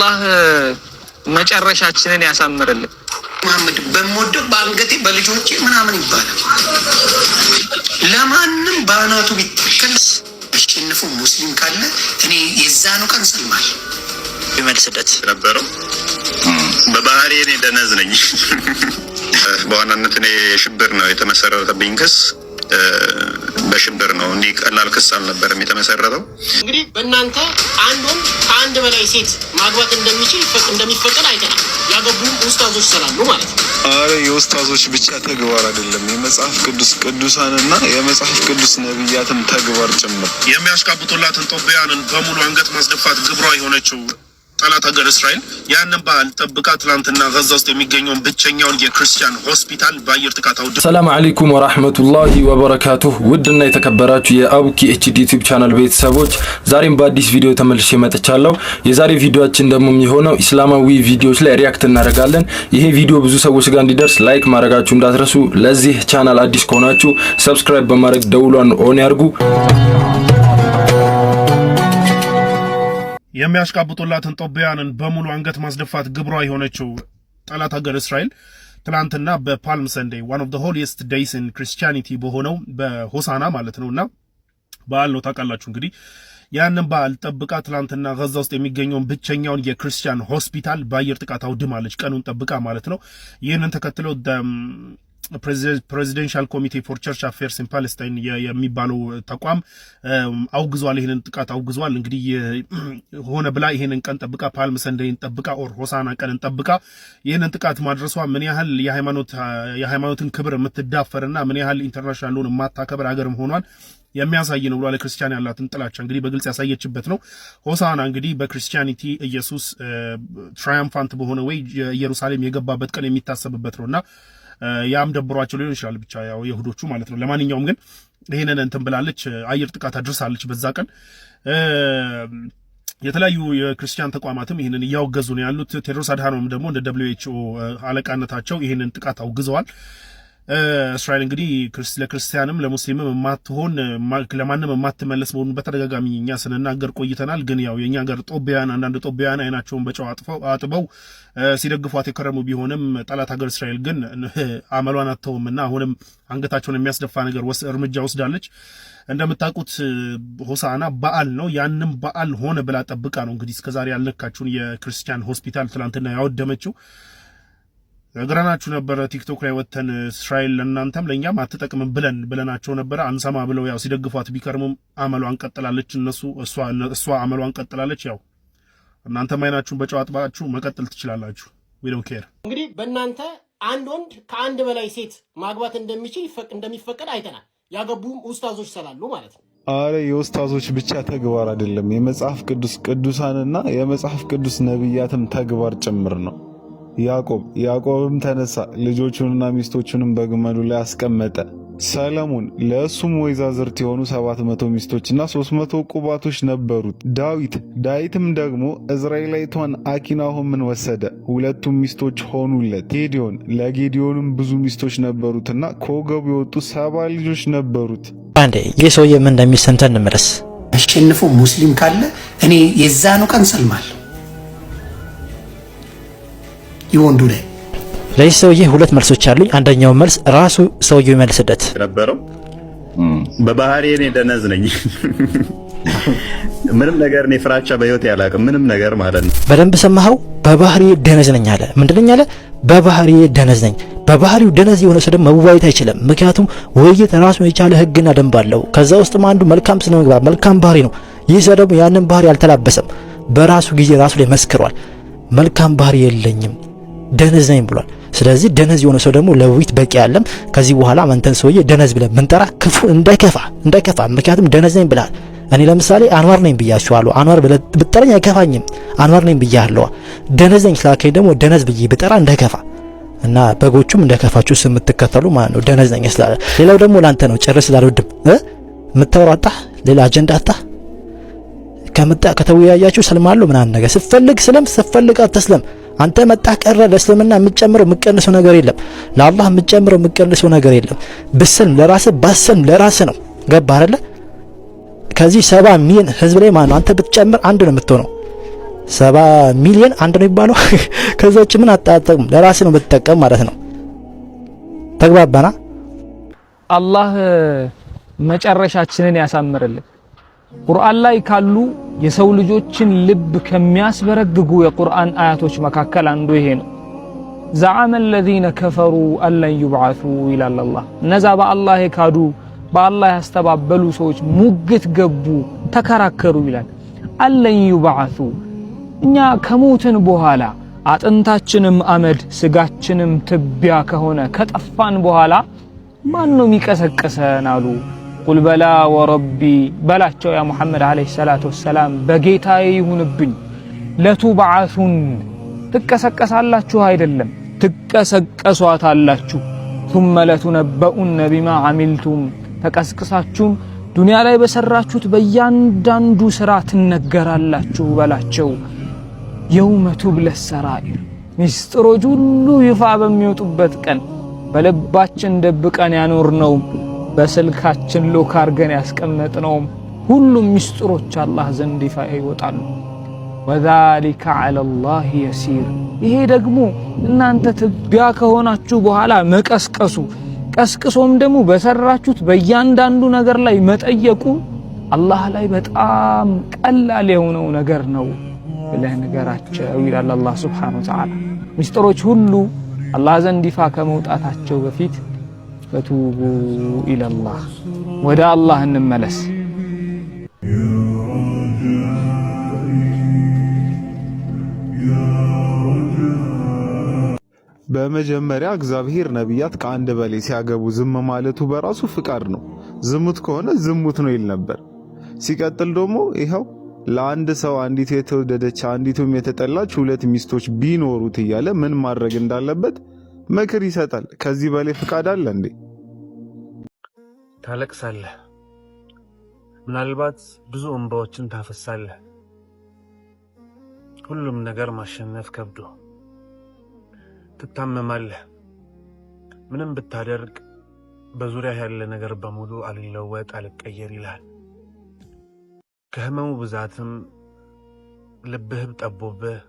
አላህ መጨረሻችንን ያሳምርልን። መሐመድ በምወደው በአንገቴ በልጆቼ ምናምን ይባላል። ለማንም በአናቱ ቢተከልስ አሸንፎ ሙስሊም ካለ እኔ የዛኑ ቀን ሰልማል ይመልስለት ነበረው። በባህሪ እኔ ደነዝ ነኝ። በዋናነት እኔ ሽብር ነው የተመሰረተብኝ ክስ በሽብር ነው። እንዲህ ቀላል ክስ አልነበረም የተመሰረተው። እንግዲህ በእናንተ አንድ ወንድ ከአንድ በላይ ሴት ማግባት እንደሚችል እንደሚፈቀድ አይተናል። ያገቡም ውስታዞች ስላሉ ማለት ነው። አረ የውስታዞች ብቻ ተግባር አይደለም፣ የመጽሐፍ ቅዱስ ቅዱሳንና የመጽሐፍ ቅዱስ ነቢያትን ተግባር ጭምር የሚያሽቃብጡላትን ጦቢያንን በሙሉ አንገት ማስደፋት ግብሯ የሆነችው ጠላት ሀገር እስራኤል ያንን በዓል ጠብቃ ትናንትና ጋዛ ውስጥ የሚገኘውን ብቸኛውን የክርስቲያን ሆስፒታል በአየር ጥቃት አውድ። ሰላም አለይኩም ወራህመቱላሂ ወበረካቱሁ። ውድና የተከበራችሁ የአቡኪ ኤችዲ ዩቲዩብ ቻናል ቤተሰቦች ዛሬም በአዲስ ቪዲዮ ተመልሼ መጥቻለሁ። የዛሬ ቪዲዮችን ደግሞ የሚሆነው ኢስላማዊ ቪዲዮዎች ላይ ሪያክት እናደርጋለን። ይሄ ቪዲዮ ብዙ ሰዎች ጋር እንዲደርስ ላይክ ማድረጋችሁ እንዳትረሱ። ለዚህ ቻናል አዲስ ከሆናችሁ ሰብስክራይብ በማድረግ ደውሏን ኦን ያርጉ። የሚያሽቃብጡላትን ጦቢያንን በሙሉ አንገት ማስደፋት ግብሯ የሆነችው ጠላት ሀገር እስራኤል ትናንትና በፓልም ሰንዴ ዋን ኦፍ ዘ ሆሊስት ዴይስ ኢን ክርስቲያኒቲ በሆነው በሆሳና ማለት ነው እና በዓል ነው ታውቃላችሁ እንግዲህ ያንን በዓል ጠብቃ ትናንትና ጋዛ ውስጥ የሚገኘውን ብቸኛውን የክርስቲያን ሆስፒታል በአየር ጥቃት አውድማለች። ቀኑን ጠብቃ ማለት ነው። ይህንን ተከትለው ፕሬዚደንሻል ኮሚቴ ፎር ቸርች አፌርስ ኢን ፓለስታይን የሚባለው ተቋም አውግዟል። ይህንን ጥቃት አውግዟል። እንግዲህ ሆነ ብላ ይህንን ቀን ጠብቃ ፓልም ሰንደይን ጠብቃ ኦር ሆሳና ቀንን ጠብቃ ይህንን ጥቃት ማድረሷ ምን ያህል የሃይማኖትን ክብር የምትዳፈርና ምን ያህል ኢንተርናሽናል ሎን የማታከብር ሀገርም ሆኗል የሚያሳይ ነው ብሏል። ለክርስቲያን ያላትን ጥላቻ እንግዲህ በግልጽ ያሳየችበት ነው። ሆሳና እንግዲህ በክርስቲያኒቲ ኢየሱስ ትራያምፋንት በሆነ ወይ ኢየሩሳሌም የገባበት ቀን የሚታሰብበት ነው እና ያም ደብሯቸው ሊሆን ይችላል ብቻ ያው የሁዶቹ ማለት ነው። ለማንኛውም ግን ይህንን እንትን ብላለች፣ አየር ጥቃት አድርሳለች በዛ ቀን። የተለያዩ የክርስቲያን ተቋማትም ይህንን እያወገዙ ነው ያሉት። ቴድሮስ አድሃኖም ደግሞ እንደ ደብሊው ኤች ኦ አለቃነታቸው ይህንን ጥቃት አውግዘዋል። እስራኤል እንግዲህ ለክርስቲያንም ለሙስሊምም የማትሆን ለማንም የማትመለስ መሆኑን በተደጋጋሚ እኛ ስንናገር ቆይተናል። ግን ያው የእኛ ሀገር ጦቢያን አንዳንድ ጦቢያን አይናቸውን በጨው አጥበው ሲደግፏት የከረሙ ቢሆንም ጠላት ሀገር እስራኤል ግን አመሏን አተውም እና አሁንም አንገታቸውን የሚያስደፋ ነገር እርምጃ ወስዳለች። እንደምታውቁት ሆሳና በዓል ነው። ያንም በዓል ሆነ ብላ ጠብቃ ነው እንግዲህ እስከዛሬ ያልነካችሁን የክርስቲያን ሆስፒታል ትላንትና ያወደመችው። ነግረናችሁ ነበረ። ቲክቶክ ላይ ወተን እስራኤል ለእናንተም ለእኛም አትጠቅምም ብለን ብለናቸው ነበረ። አንሰማ ብለው ያው ሲደግፏት ቢከርሙም አመሏን ቀጥላለች። እነሱ እሷ አመሏን ቀጥላለች። ያው እናንተም አይናችሁን በጨው አጥባችሁ መቀጠል ትችላላችሁ። ዊዶን ኬር። እንግዲህ በእናንተ አንድ ወንድ ከአንድ በላይ ሴት ማግባት እንደሚችል እንደሚፈቀድ አይተናል። ያገቡም ኡስታዞች ስላሉ ማለት ነው። አረ የኡስታዞች ብቻ ተግባር አይደለም፣ የመጽሐፍ ቅዱስ ቅዱሳንና የመጽሐፍ ቅዱስ ነቢያትም ተግባር ጭምር ነው። ያዕቆብ ያዕቆብም ተነሳ፣ ልጆቹንና ሚስቶቹንም በግመሉ ላይ አስቀመጠ። ሰለሞን ለእሱም ወይዛዝርት የሆኑ ሰባት መቶ ሚስቶችና ሦስት መቶ ቁባቶች ነበሩት። ዳዊት ዳዊትም ደግሞ እዝራኤላዊቷን አኪናሆምን ወሰደ፣ ሁለቱም ሚስቶች ሆኑለት። ጌዲዮን ለጌዲዮንም ብዙ ሚስቶች ነበሩትና ከወገቡ የወጡ ሰባ ልጆች ነበሩት። አንዴ ይህ ሰውዬ ምን እንደሚሰንተ እንመለስ። አሸንፎ ሙስሊም ካለ እኔ የዛኑ ቀን ሰልማል ይወንዱ ላይ ለዚህ ሰውዬ ሁለት መልሶች አሉኝ። አንደኛው መልስ ራሱ ሰውየው ይመልስለት ነበረው። በባህሪ እኔ ደነዝ ነኝ። ምንም ነገር እኔ ፍራቻ በህይወት ያላቅ ምንም ነገር ማለት ነው። በደንብ ሰማኸው። በባህሪ ደነዝ ነኝ አለ። ምንድነኝ አለ? በባህሪ ደነዝ ነኝ። በባህሪው ደነዝ የሆነ ሰው ደግሞ አይችልም። ምክንያቱም ውይይት ራሱን የቻለ ህግና ደንብ አለው። ከዛ ውስጥም አንዱ መልካም ምግባር፣ መልካም ባህሪ ነው። ይህ ሰው ደግሞ ያንን ባህሪ አልተላበሰም። በራሱ ጊዜ ራሱ ላይ መስክሯል። መልካም ባህሪ የለኝም ደነዝ ነኝ ብሏል። ስለዚህ ደነዝ የሆነ ሰው ደግሞ ለዊት በቂ አለም። ከዚህ በኋላ አንተን ሰውዬ ደነዝ ብለን ምንጠራ ክፉ እንዳይከፋ እንዳይከፋ፣ ምክንያቱም ደነዝ ነኝ ብላል። እኔ ለምሳሌ አንዋር ነኝ ብያችኋለሁ። አንዋር ብጠረኝ አይከፋኝም። አንዋር ነኝ ብያለሁ። ደነዝ ነኝ ስላልከኝ ደግሞ ደነዝ ብዬ ብጠራ እንዳይከፋ እና በጎቹም እንዳይከፋችሁ ስምትከተሉ ማለት ነው። ደነዝ ነኝ ስላለ ሌላው ደግሞ ላንተ ነው። ጭርስ ስላልወድም ምታወራጣ ሌላ አጀንዳ አጣ ከምጣ ከተወያያችሁ ሰልማለሁ ምናምን ነገር ስትፈልግ ስለም ስትፈልግ አትስለም። አንተ መጣህ ቀረ ለእስልምና የምትጨምረው የምትቀንሰው ነገር የለም። ለአላህ የምትጨምረው የምትቀንሰው ነገር የለም። ብስልም ለራስህ ባሰልም ለራስህ ነው። ገባ አይደለ? ከዚህ ሰባ ሚሊዮን ህዝብ ላይ ማነው አንተ ብትጨምር አንድ ነው የምትሆነው። ሰባ ሚሊዮን አንድ ነው የሚባለው። ከዛ ውጭ ምን አታጠቅም። ለራስህ ነው የምትጠቀም ማለት ነው። ተግባባና አላህ መጨረሻችንን ያሳምርልን። ቁርአን ላይ ካሉ የሰው ልጆችን ልብ ከሚያስበረግጉ የቁርአን አያቶች መካከል አንዱ ይሄ ነው። ዘዓመ አለዚነ ከፈሩ አለን ዩብዓሱ ይላል አላህ። እነዛ በአላህ የካዱ በአላህ ያስተባበሉ ሰዎች ሙግት ገቡ፣ ተከራከሩ ይላል። አለን ዩብዓሱ እኛ ከሞትን በኋላ አጥንታችንም አመድ ስጋችንም ትቢያ ከሆነ ከጠፋን በኋላ ማን ነው የሚቀሰቅሰን አሉ። ቁል በላ ወረቢ በላቸው ያ ሙሐመድ ዓለይሂ ሰላቱ ወሰላም በጌታዬ ይሁንብኝ። ለቱባዓሱን ትቀሰቀሳላችሁ አይደለም ትቀሰቀሷታላችሁ። ቱመ ለቱነበኡነ ቢማ አሚልቱም ተቀስቅሳችሁም ዱንያ ላይ በሰራችሁት በእያንዳንዱ ስራ ትነገራላችሁ በላቸው። የውመ ቱብለ ሰራኢር ሚስጥሮች ሁሉ ይፋ በሚወጡበት ቀን በልባችን ደብቀን ያኖርነው በስልካችን ሎክ አድርገን ያስቀመጥነውም ሁሉም ሚስጥሮች አላህ ዘንድ ይፋ ይወጣሉ። ወዛሊከ ዐለላህ የሲር። ይሄ ደግሞ እናንተ ትቢያ ከሆናችሁ በኋላ መቀስቀሱ ቀስቅሶም ደግሞ በሰራችሁት በእያንዳንዱ ነገር ላይ መጠየቁ አላህ ላይ በጣም ቀላል የሆነው ነገር ነው ብለህ ንገራቸው ይላል አላህ ሱብሓነሁ ወተዓላ። ሚስጥሮች ሁሉ አላህ ዘንድ ይፋ ከመውጣታቸው በፊት ፈቱቡ ኢለላህ ወደ አላህ እንመለስ። በመጀመሪያ እግዚአብሔር ነቢያት ከአንድ በላይ ሲያገቡ ዝም ማለቱ በራሱ ፍቃድ ነው። ዝሙት ከሆነ ዝሙት ነው ይል ነበር። ሲቀጥል ደግሞ ይኸው ለአንድ ሰው አንዲቱ የተወደደች አንዲቱም የተጠላች ሁለት ሚስቶች ቢኖሩት እያለ ምን ማድረግ እንዳለበት ምክር ይሰጣል። ከዚህ በላይ ፍቃድ አለ እንዴ? ታለቅሳለህ፣ ምናልባት ብዙ እንባዎችን ታፈሳለህ። ሁሉም ነገር ማሸነፍ ከብዶ ትታመማለህ። ምንም ብታደርግ በዙሪያ ያለ ነገር በሙሉ አልለወጥ አልቀየር ይልሃል። ከህመሙ ብዛትም ልብህብ ጠቦብህ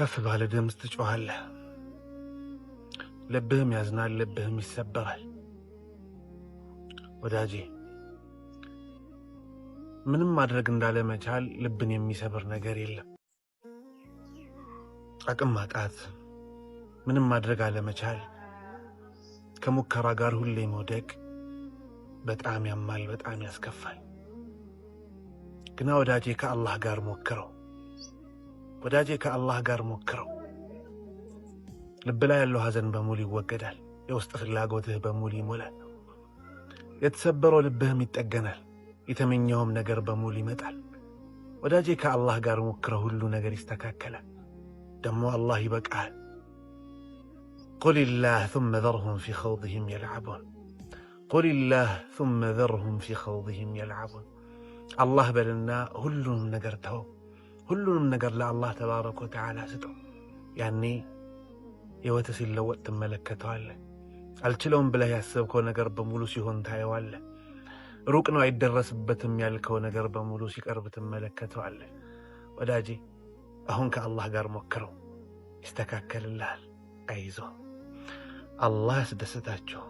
ከፍ ባለ ድምፅ ትጮኻለህ። ልብህም ያዝናል፣ ልብህም ይሰበራል። ወዳጄ ምንም ማድረግ እንዳለመቻል ልብን የሚሰብር ነገር የለም። አቅም ማጣት፣ ምንም ማድረግ አለመቻል፣ ከሙከራ ጋር ሁሌ መውደቅ በጣም ያማል፣ በጣም ያስከፋል። ግና ወዳጄ ከአላህ ጋር ሞክረው፣ ወዳጄ ከአላህ ጋር ሞክረው ልብ ላይ ያለው ሐዘን በሙሉ ይወገዳል። የውስጥ ፍላጎትህ በሙሉ ይሞላል። የተሰበረው ልብህም ይጠገናል። የተመኘውም ነገር በሙሉ ይመጣል። ወዳጄ ከአላህ ጋር ሞክረ፣ ሁሉ ነገር ይስተካከላል። ደግሞ አላህ ይበቃሃል። ቁልላህ ثመ ዘርሁም ፊ ኸውድህም የልዓቡን ቁልላህ ثመ ዘርሁም ፊ ኸውድህም የልዓቡን አላህ በልና ሁሉንም ነገር ተወው። ሁሉንም ነገር ለአላህ ተባረከ ወተዓላ ስጠው። ያኔ ሕይወት ሲለወጥ ትመለከተዋለ። አልችለውም ብለህ ያሰብከው ነገር በሙሉ ሲሆን ታየዋለ ሩቅ ነው አይደረስበትም ያልከው ነገር በሙሉ ሲቀርብ ትመለከተዋለ። ወዳጄ አሁን ከአላህ ጋር ሞክረው፣ ይስተካከልልሃል። አይዞህ፣ አላህ ያስደስታችሁ።